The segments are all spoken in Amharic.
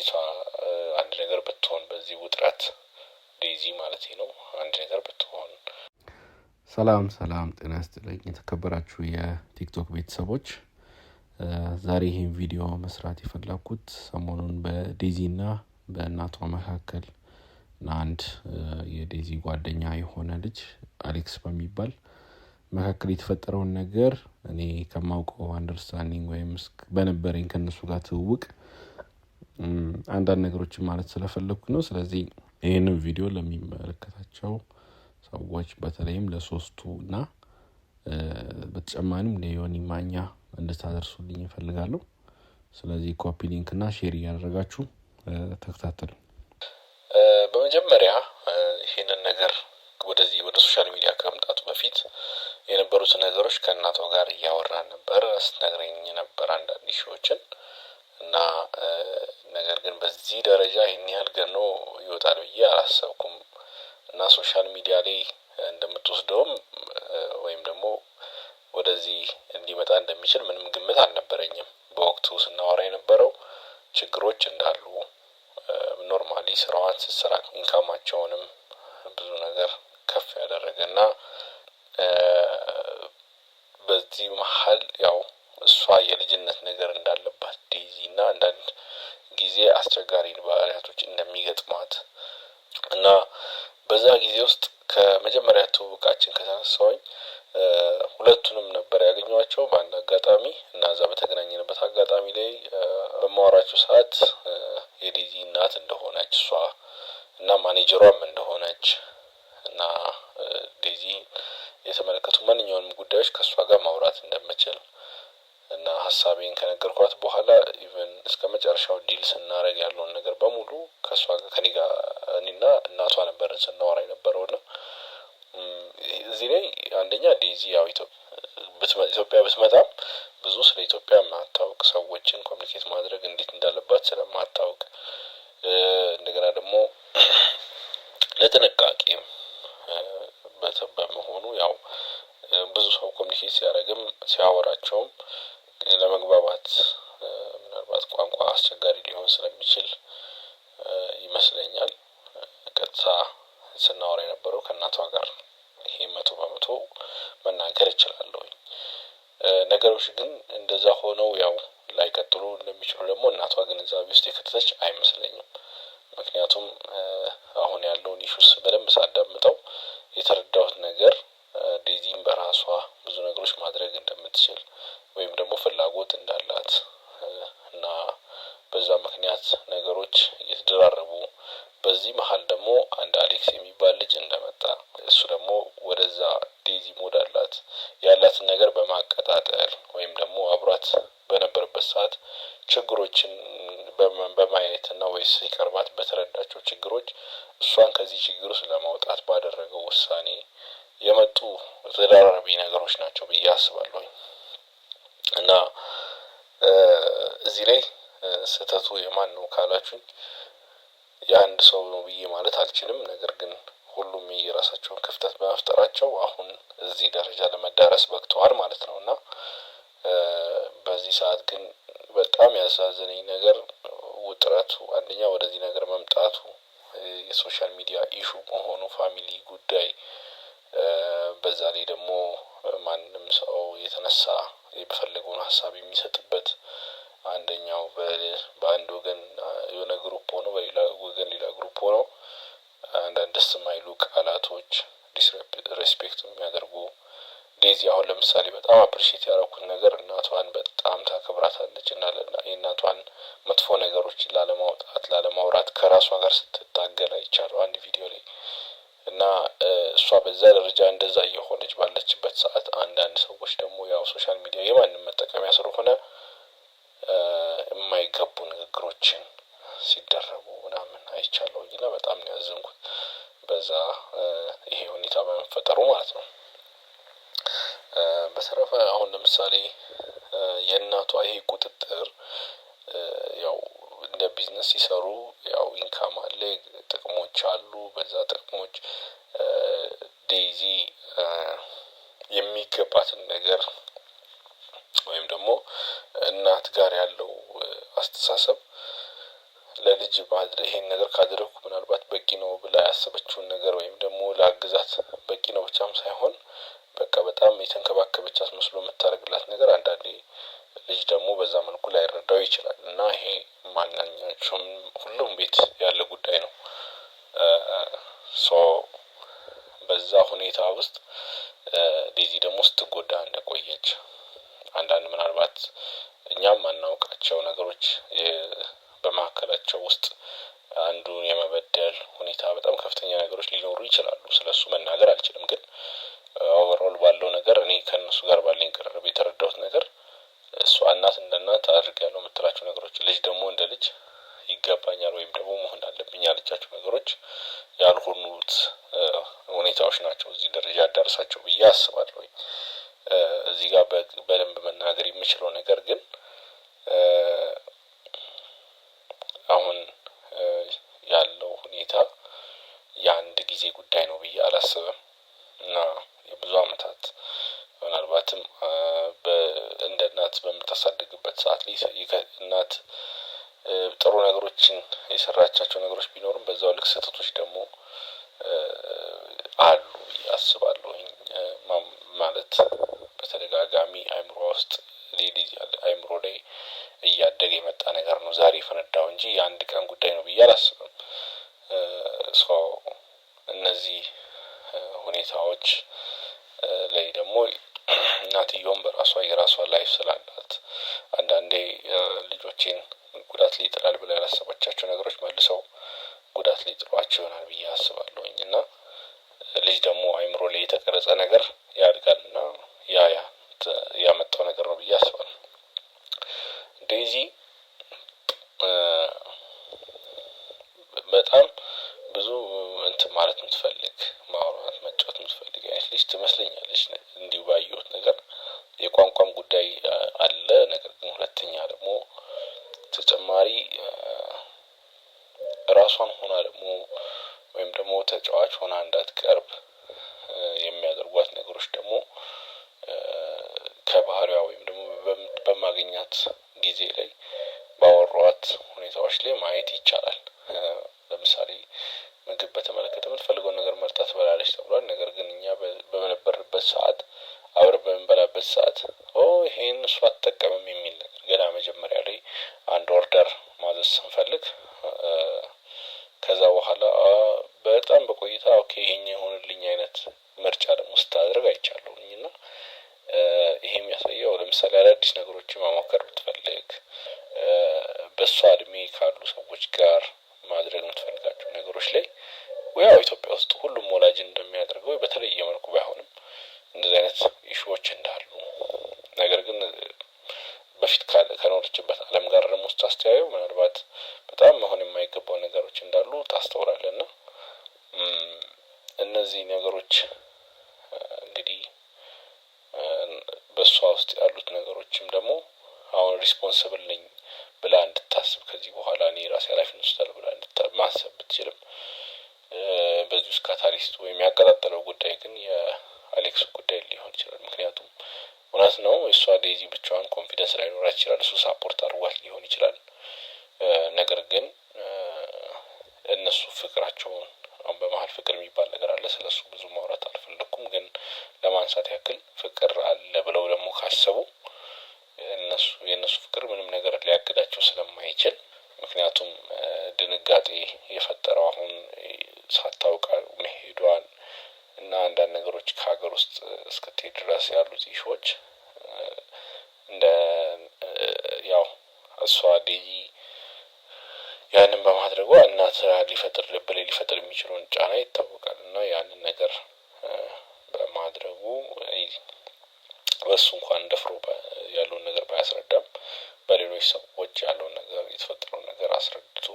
ልጅቷ አንድ ነገር ብትሆን በዚህ ውጥረት ዴዚ ማለት ነው አንድ ነገር ብትሆን። ሰላም ሰላም፣ ጤና ይስጥልኝ የተከበራችሁ የቲክቶክ ቤተሰቦች ዛሬ ይህን ቪዲዮ መስራት የፈላኩት ሰሞኑን በዴዚና በእናቷ መካከል አንድ የዴዚ ጓደኛ የሆነ ልጅ አሌክስ በሚባል መካከል የተፈጠረውን ነገር እኔ ከማውቀው አንደርስታንዲንግ ወይም በነበረኝ ከነሱ ጋር ትውውቅ አንዳንድ ነገሮችን ማለት ስለፈለግኩ ነው። ስለዚህ ይህንን ቪዲዮ ለሚመለከታቸው ሰዎች በተለይም ለሶስቱ እና በተጨማሪም ለዮኒ ማኛ እንድታደርሱልኝ ይፈልጋሉ ስለዚህ ኮፒ ሊንክ እና ሼር እያደረጋችሁ ተከታተሉ። በመጀመሪያ ይህንን ነገር ወደዚህ ወደ ሶሻል ሚዲያ ከመምጣቱ በፊት የነበሩት ነገሮች ከእናቷ ጋር እያወራን ነበር ስነግረኝ ነበር አንዳንድ ሺዎችን እና ነገር ግን በዚህ ደረጃ ይህን ያህል ገኖ ይወጣል ብዬ አላሰብኩም እና ሶሻል ሚዲያ ላይ እንደምትወስደውም ወይም ደግሞ ወደዚህ እንዲመጣ እንደሚችል ምንም ግምት አልነበረኝም። በወቅቱ ስናወራ የነበረው ችግሮች እንዳሉ ኖርማሊ ስራዋን ስትሰራ ኢንካማቸውንም ብዙ ነገር ከፍ ያደረገ እና በዚህ መሀል ያው እሷ የልጅነት ጊዜ አስቸጋሪ ባህሪያቶች እንደሚገጥሟት እና በዛ ጊዜ ውስጥ ከመጀመሪያ ትውውቃችን ከተነሳሁኝ ሁለቱንም ነበር ያገኟቸው በአንድ አጋጣሚ እና እዛ በተገናኘንበት አጋጣሚ ላይ በማወራቸው ሰዓት የዴዚ እናት እንደሆነች እሷ እና ማኔጀሯም እንደሆነች እና ዴዚ የተመለከቱ ማንኛውንም ጉዳዮች ከእሷ ጋር ማውራት እንደምችል እና ሀሳቤን ከነገርኳት በኋላ ኢቨን እስከ መጨረሻው ዲል ስናደረግ ያለውን ነገር በሙሉ ከእሷ ከኔ ጋር እኔና እናቷ ነበርን ስናወራ የነበረው ና እዚህ ላይ አንደኛ ዴዚ ያው ኢትዮጵያ ብትመጣም ብዙ ስለ ኢትዮጵያ የማታውቅ ሰዎችን ኮሚኒኬት ማድረግ እንዴት እንዳለባት ስለማታውቅ እንደገና ደግሞ ለጥንቃቄም በመሆኑ ያው ብዙ ሰው ኮሚኒኬት ሲያደረግም ሲያወራቸውም ነገሮች ግን እንደዛ ሆነው ያው ላይቀጥሉ እንደሚችሉ ደግሞ እናቷ ግንዛቤ ውስጥ የከተተች አይመስለኝም። ምክንያቱም አሁን ያለውን ኢሹስ በደንብ ሳዳምጠው የተረዳሁት ነገር ዴዚም በራሷ ብዙ ነገሮች ማድረግ እንደምትችል ወይም ደግሞ ፍላጎት እንዳላት እና በዛ ምክንያት ነገሮች እየተደራረቡ በዚህ መሀል ደግሞ አንድ አሌክስ የሚባል ልጅ እንደመጣ እሱ ደግሞ ወደዛ ዴዚም ሞዳል ያላትን ነገር በማቀጣጠል ወይም ደግሞ አብሯት በነበረበት ሰዓት ችግሮችን በማየት እና ወይ ሲቀርባት በተረዳቸው ችግሮች እሷን ከዚህ ችግር ውስጥ ለማውጣት ባደረገው ውሳኔ የመጡ ተደራራቢ ነገሮች ናቸው ብዬ አስባለሁ። እና እዚህ ላይ ስህተቱ የማን ነው ካላችሁኝ የአንድ ሰው ነው ብዬ ማለት አልችልም። ነገር ግን ሁሉም የራሳቸውን ክፍተት በመፍጠራቸው አሁን እዚህ ደረጃ ለመዳረስ በቅተዋል ማለት ነው እና በዚህ ሰዓት ግን በጣም ያሳዘነኝ ነገር ውጥረቱ አንደኛ ወደዚህ ነገር መምጣቱ የሶሻል ሚዲያ ኢሹ መሆኑ ፋሚሊ ጉዳይ፣ በዛ ላይ ደግሞ ማንም ሰው የተነሳ የፈለገውን ሀሳብ የሚሰጥበት አንደኛው በአንድ ወገን የሆነ ጊዜ አሁን ለምሳሌ በጣም አፕሪሽት ያደረኩት ነገር እናቷን በጣም ታከብራታለች እና የእናቷን መጥፎ ነገሮችን ላለማውጣት ላለማውራት ከራሷ ጋር ስትታገል አይቻለሁ አንድ ቪዲዮ ላይ እና እሷ በዛ ደረጃ እንደዛ እየሆነች ባለችበት ሰዓት አንዳንድ ሰዎች ደግሞ ያው ሶሻል ሚዲያ የማንም መጠቀሚያ ስለሆነ የማይገቡ ንግግሮችን ሲደረጉ ምናምን አይቻለሁ እና በጣም ያዘንኩት በዛ ይሄ ሁኔታ በመፈጠሩ ማለት ነው። በተረፈ አሁን ለምሳሌ የእናቷ ይሄ ቁጥጥር ያው እንደ ቢዝነስ ሲሰሩ ያው ኢንካም አለ ጥቅሞች አሉ። በዛ ጥቅሞች ዴይዚ የሚገባትን ነገር ወይም ደግሞ እናት ጋር ያለው አስተሳሰብ ለልጅ ባድረ ይሄን ነገር ካደረኩ ምናልባት በቂ ነው ብላ ያሰበችውን ነገር ወይም ደግሞ ለአግዛት በቂ ነው ብቻም ሳይሆን በቃ በጣም የተንከባከበች አስመስሎ የምታደርግላት ነገር አንዳንዴ ልጅ ደግሞ በዛ መልኩ ላይረዳው ይችላል እና ይሄ ማናኛቸውም ሁሉም ቤት ያለ ጉዳይ ነው። ሶ በዛ ሁኔታ ውስጥ ዴዚ ደግሞ ስትጎዳ እንደቆየች አንዳንድ ምናልባት እኛም ማናውቃቸው ነገሮች በመካከላቸው ውስጥ አንዱን የመበደል ሁኔታ በጣም ከፍተኛ ነገሮች ሊኖሩ ይችላሉ። ስለሱ መናገር አልችልም ግን ኦቨርኦል ባለው ነገር እኔ ከእነሱ ጋር ባለኝ ቅርብ የተረዳሁት ነገር እሷ እናት እንደ እናት ያለው የምትላቸው ነገሮች፣ ልጅ ደግሞ እንደ ልጅ ይገባኛል ወይም ደግሞ መሆን አለብኝ ያለቻቸው ነገሮች ያልሆኑት ሁኔታዎች ናቸው እዚህ ደረጃ ያዳርሳቸው ብዬ አስባለሁ። እዚህ ጋር በደንብ መናገር የምችለው ነገር ግን አሁን ያለው ሁኔታ የአንድ ጊዜ ጉዳይ ነው ብዬ አላስብም። እናት በምታሳድግበት ሰዓት እናት ጥሩ ነገሮችን የሰራቻቸው ነገሮች ቢኖሩም በዛው ልክ ስህተቶች ደግሞ አሉ አስባለሁ። ማለት በተደጋጋሚ አይምሮ ውስጥ ሌሊ አይምሮ ላይ እያደገ የመጣ ነገር ነው። ዛሬ የፈነዳው እንጂ የአንድ ቀን ጉዳይ ነው ብዬ አላስብም። እነዚህ ሁኔታዎች ላይ ደግሞ እናትየውም በራሷ የራሷ ላይፍ ስላላት አንዳንዴ ልጆቼን ጉዳት ሊጥላል ብላ ያላሰባቻቸው ነገሮች መልሰው ጉዳት ሊጥሏቸው ይሆናል ብዬ አስባለሁኝ እና ልጅ ደግሞ አይምሮ ላይ የተቀረጸ ነገር ኢትዮጵያ ውስጥ ዋናው ጉዳይ ግን የአሌክስ ጉዳይ ሊሆን ይችላል። ምክንያቱም እውነት ነው እሷ ዴዚ ብቻዋን ኮንፊደንስ ላይኖራት ይችላል። እሱ ሳፖርት አድርጓት ሊሆን ይችላል። ነገር ግን እነሱ ፍቅራቸውን አሁን በመሀል ፍቅር የሚባል ነገር አለ። ስለሱ ብዙ ማውራት አልፈለኩም፣ ግን ለማንሳት ያክል ፍቅር አለ ብለው ደግሞ ካሰቡ ስራ ሊፈጥር ልብ ላይ ሊፈጥር የሚችለውን ጫና ይታወቃል እና ያንን ነገር በማድረጉ በሱ እንኳን ደፍሮ ያለውን ነገር ባያስረዳም በሌሎች ሰዎች ያለውን ነገር የተፈጠረውን ነገር አስረድቶ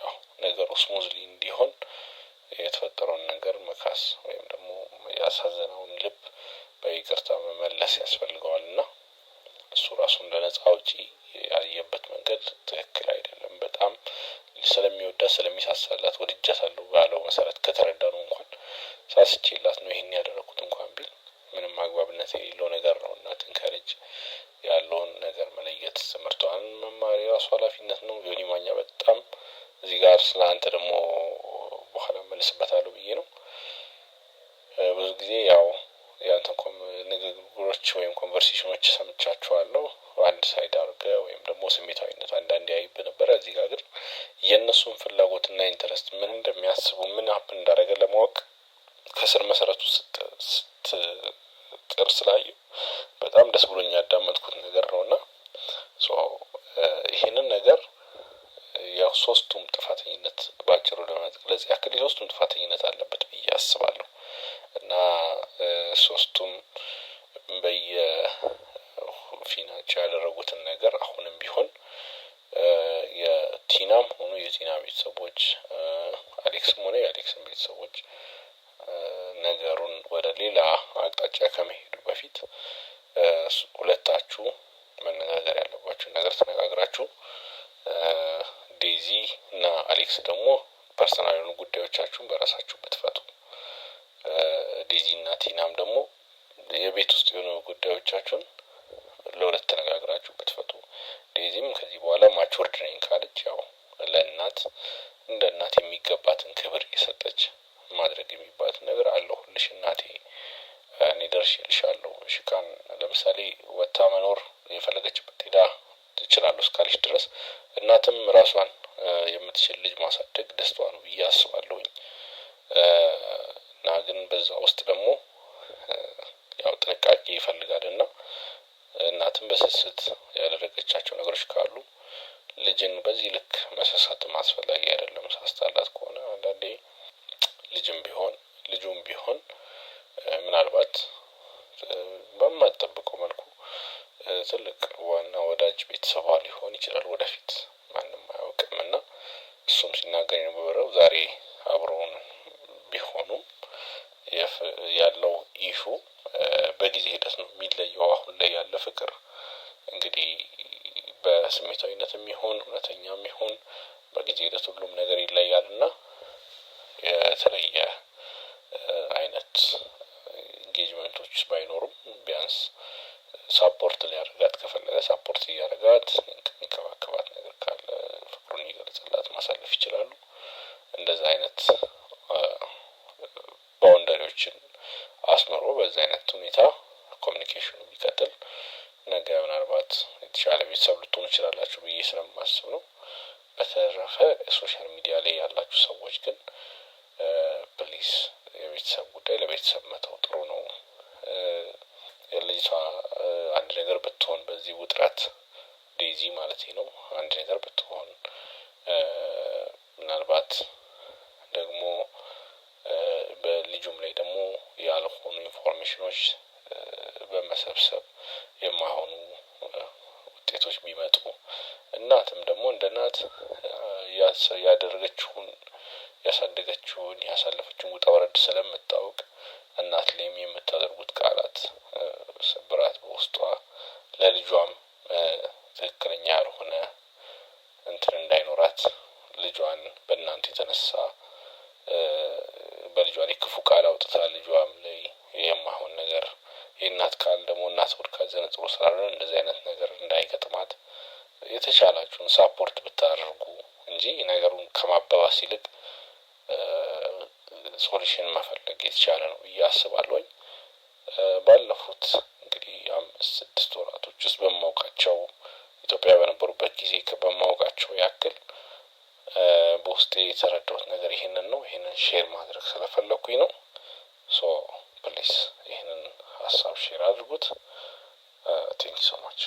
ያው ነገሩ ስሙዝሊ እንዲሆን የተፈጠረውን ነገር መካስ ወይም ደግሞ ያሳዘነውን ልብ በይቅርታ መመለስ ያስፈልገዋል እና እሱ ራሱ እንደ ነጻ አውጪ ያየበት መንገድ ትክክል አይደለም። በጣም ስለሚወዳት ስለሚሳሳላት ወድጃታለሁ ባለው መሰረት ከተረዳ ነው እንኳን ሳስቼላት ነው ይሄን ያደረኩት እንኳን ቢል ምንም አግባብነት የሌለው ነገር ነው እና ትንከረጅ ያለውን ነገር መለየት ትምህርቷን መማር የራሱ ኃላፊነት ነው። ዮኒ ማኛ በጣም እዚህ ጋር ስለ አንተ ደግሞ በኋላ መለስበታለሁ ብዬ ነው። ብዙ ጊዜ ያው የአንተ ንግግሮች ወይም ኮንቨርሴሽኖች ሰምቻቸዋል የእነሱን ፍላጎትና ኢንተረስት ምን እንደሚያስቡ ምን ሀፕ እንዳደረገ ለማወቅ ከስር መሰረቱ ስትጥር ስላየው በጣም ደስ ብሎኝ ያዳመጥኩት ነገር ነው እና ይህንን ነገር ያው ሶስቱም ጥፋተኝነት በአጭሩ ለመግለጽ ያክል የሶስቱም ጥፋተኝነት አለበት ብዬ አስባለሁ እና ሶስቱም በየፊናቸው ያደረጉትን ነገር አሁንም ቢሆን ቲናም ሆኑ የቲና ቤተሰቦች አሌክስም ሆነ የአሌክስም ቤተሰቦች ነገሩን ወደ ሌላ አቅጣጫ ከመሄዱ በፊት ሁለታችሁ መነጋገር ያለባችሁን ነገር ተነጋግራችሁ ዴዚ እና አሌክስ ደግሞ ፐርሰናል የሆኑ ጉዳዮቻችሁን በራሳችሁ ብትፈቱ ዴዚ እና ቲናም ደግሞ የቤት ውስጥ የሆኑ በዛ ውስጥ ደግሞ ያው ጥንቃቄ ይፈልጋል እና እናትም በስስት ያደረገቻቸው ነገሮች ካሉ ልጅን በዚህ ልክ መሰሳትም አስፈላጊ አይደለም። ሳስታላት ከሆነ አንዳንዴ ልጅም ቢሆን ልጁም ቢሆን ምናልባት በማጠብቀው መልኩ ትልቅ ዋና ወዳጅ ቤተሰቧ ሊሆን ይችላል። ወደፊት ማንም አያውቅም እና እሱም ሲናገር የነበረው ዛሬ አሁን በዚህ ውጥረት ዴዚ ማለት ነው አንድ ነገር ብትሆን ምናልባት ደግሞ በልጁም ላይ ደግሞ ያልሆኑ ኢንፎርሜሽኖች በመሰብሰብ የማይሆኑ ውጤቶች ቢመጡ እናትም ደግሞ እንደ እናት ያደረገችውን ያሳደገችውን ያሳለፈችውን ውጣ ወረድ ስለምታውቅ እናት ላይም የምታደርጉት ሳፖርት ብታደርጉ እንጂ ነገሩን ከማባባስ ይልቅ ሶሉሽን መፈለግ የተቻለ ነው ብዬ አስባለሁኝ። ባለፉት እንግዲህ አምስት ስድስት ወራቶች ውስጥ በማውቃቸው ኢትዮጵያ በነበሩበት ጊዜ በማውቃቸው ያክል በውስጤ የተረዳሁት ነገር ይሄንን ነው። ይሄንን ሼር ማድረግ ስለፈለግኩኝ ነው። ሶ ፕሊስ ይህንን ሀሳብ ሼር አድርጉት። ቴንክ ሶ ማች